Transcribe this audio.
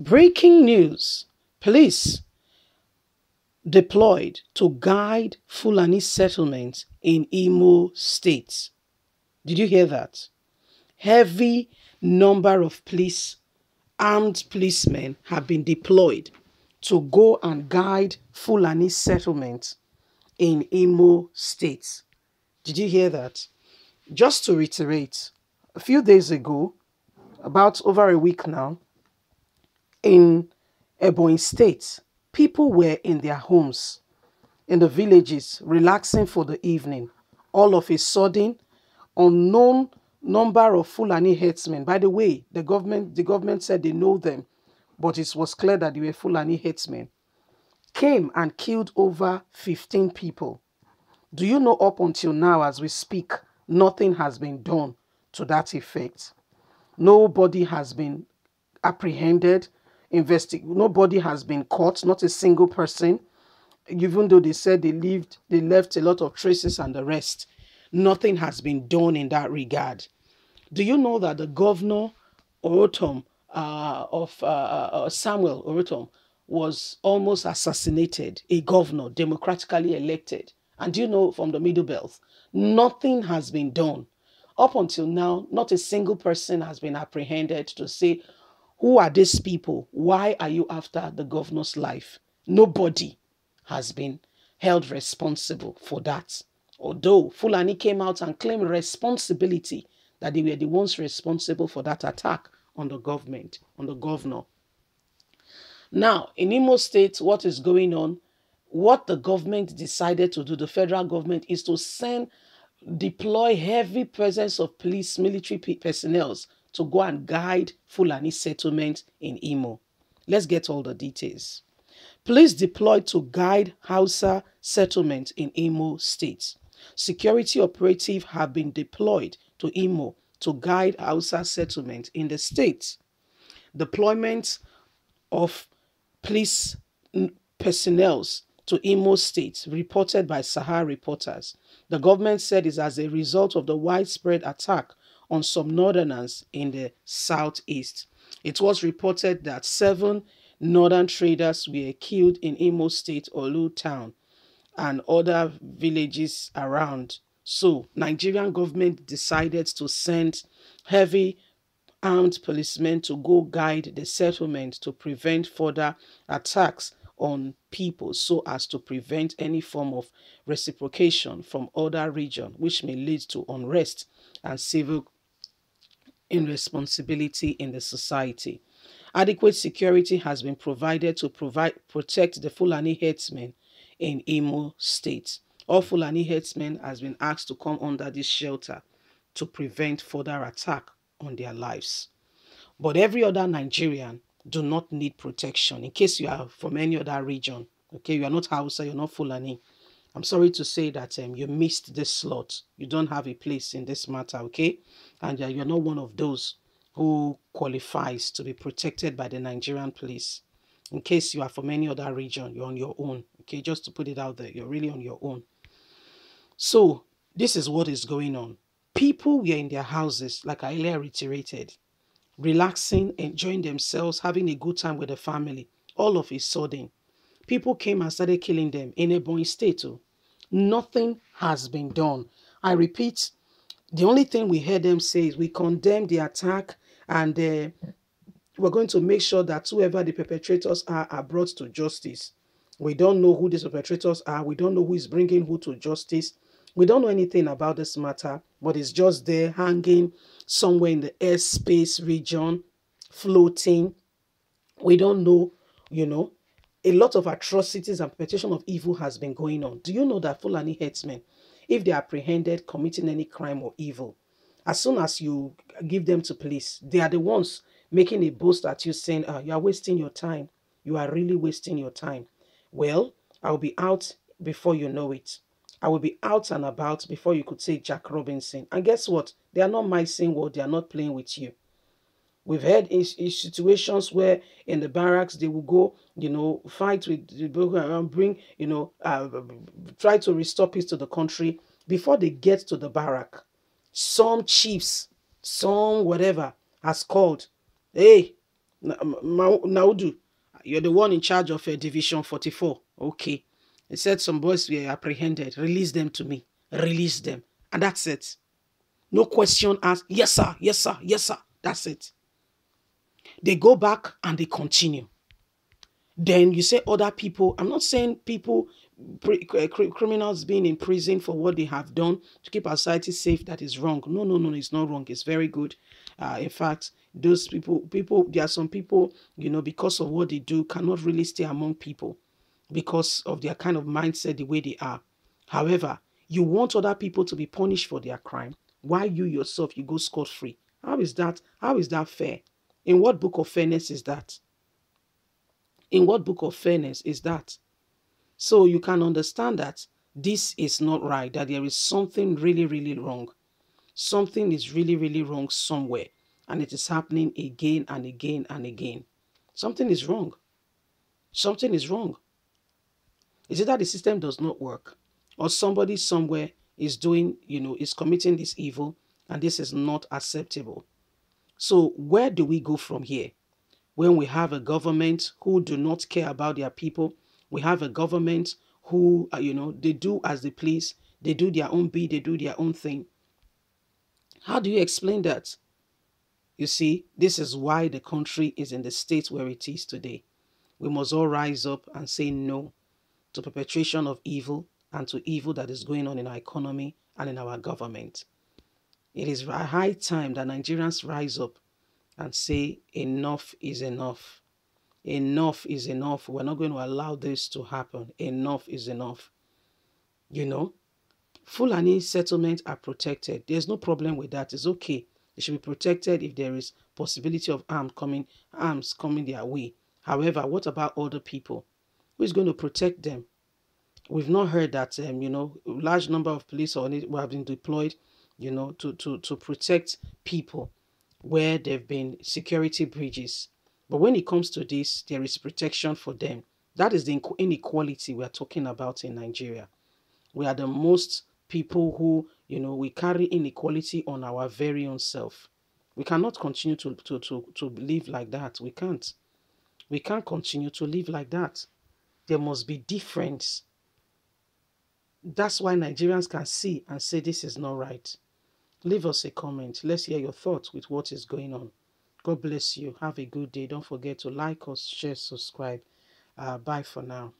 Breaking news. Police deployed to guide Fulani settlement in Imo State. Did you hear that? Heavy number of police, armed policemen have been deployed to go and guide Fulani settlement in Imo State. Did you hear that? Just to reiterate, a few days ago, about over a week now, in Ebony State, people were in their homes, in the villages, relaxing for the evening. All of a sudden, unknown number of Fulani herdsmen. By the way, the government, the government said they know them, but it was clear that they were Fulani herdsmen. Came and killed over 15 people. Do you know up until now, as we speak, nothing has been done to that effect? Nobody has been apprehended investigate. Nobody has been caught, not a single person. Even though they said they lived, they left a lot of traces and the rest. Nothing has been done in that regard. Do you know that the governor Orotom uh, of uh, uh, uh Samuel Orotom was almost assassinated, a governor democratically elected? And do you know from the Middle Belt, nothing has been done. Up until now, not a single person has been apprehended to say, who are these people? Why are you after the governor's life? Nobody has been held responsible for that. Although Fulani came out and claimed responsibility that they were the ones responsible for that attack on the government, on the governor. Now, in Imo State, what is going on? What the government decided to do, the federal government, is to send, deploy heavy presence of police, military personnel to go and guide Fulani settlement in Imo. Let's get all the details. Police deployed to guide Hausa settlement in Imo State. Security operatives have been deployed to Imo to guide Hausa settlement in the state. Deployment of police personnel to Imo State, reported by Sahar reporters. The government said is as a result of the widespread attack on some northerners in the southeast. It was reported that seven northern traders were killed in Imo State Olu town and other villages around. So Nigerian government decided to send heavy armed policemen to go guide the settlement to prevent further attacks on people so as to prevent any form of reciprocation from other region which may lead to unrest and civil in responsibility in the society. Adequate security has been provided to provide protect the Fulani herdsmen in Imo State. All Fulani herdsmen has been asked to come under this shelter to prevent further attack on their lives. But every other Nigerian do not need protection in case you are from any other region. Okay, you are not Hausa, you're not Fulani. I'm sorry to say that um, you missed this slot. You don't have a place in this matter, okay? And uh, you're not one of those who qualifies to be protected by the Nigerian police. In case you are from any other region, you're on your own, okay? Just to put it out there, you're really on your own. So, this is what is going on. People were in their houses, like I earlier reiterated, relaxing, enjoying themselves, having a good time with the family. All of a sudden, people came and started killing them in a Ebonyi State. Too. Oh. Nothing has been done. I repeat, the only thing we heard them say is we condemn the attack and uh, we're going to make sure that whoever the perpetrators are are brought to justice. We don't know who these perpetrators are. We don't know who is bringing who to justice. We don't know anything about this matter, but it's just there hanging somewhere in the airspace region, floating. We don't know, you know, a lot of atrocities and perpetration of evil has been going on. Do you know that Fulani headsmen, if they are apprehended committing any crime or evil, as soon as you give them to police, they are the ones making a boast at you saying, ah, you are wasting your time. You are really wasting your time. Well, I'll be out before you know it. I will be out and about before you could say Jack Robinson. And guess what? They are not my what well, they are not playing with you. We've had is, is situations where in the barracks they will go, you know, fight with the Boko Haram, bring, you know, uh, try to restore peace to the country. Before they get to the barrack, some chiefs, some whatever, has called, hey, Naudu, you're the one in charge of uh, Division 44. Okay. He said some boys were apprehended. Release them to me. Release them. And that's it. No question asked. Yes, sir. Yes, sir. Yes, sir. That's it. They go back and they continue. Then you say other people, I'm not saying people, criminals being in prison for what they have done to keep our society safe, that is wrong. No, no, no, it's not wrong. It's very good. Uh, in fact, those people, people, there are some people, you know, because of what they do, cannot really stay among people because of their kind of mindset, the way they are. However, you want other people to be punished for their crime, Why you yourself, you go scot-free. How is that? How is that fair? In what book of fairness is that? In what book of fairness is that? So you can understand that this is not right, that there is something really, really wrong. Something is really, really wrong somewhere, and it is happening again and again and again. Something is wrong. Something is wrong. Is it that the system does not work? Or somebody somewhere is doing, you know, is committing this evil, and this is not acceptable? So where do we go from here? When we have a government who do not care about their people, we have a government who, uh, you know, they do as they please, they do their own bid, they do their own thing. How do you explain that? You see, this is why the country is in the state where it is today. We must all rise up and say no to perpetration of evil and to evil that is going on in our economy and in our government. It is high time that Nigerians rise up and say enough is enough. Enough is enough. We're not going to allow this to happen. Enough is enough. You know, Fulani settlements are protected. There's no problem with that. It's okay. They should be protected if there is possibility of arms coming, arms coming their way. However, what about other people? Who is going to protect them? We've not heard that, um, you know, large number of police have been deployed you know, to, to, to protect people where there have been security bridges. But when it comes to this, there is protection for them. That is the inequality we are talking about in Nigeria. We are the most people who, you know, we carry inequality on our very own self. We cannot continue to, to, to, to live like that. We can't. We can't continue to live like that. There must be difference. That's why Nigerians can see and say this is not right. Leave us a comment. Let's hear your thoughts with what is going on. God bless you. Have a good day. Don't forget to like us, share, subscribe. Uh, bye for now.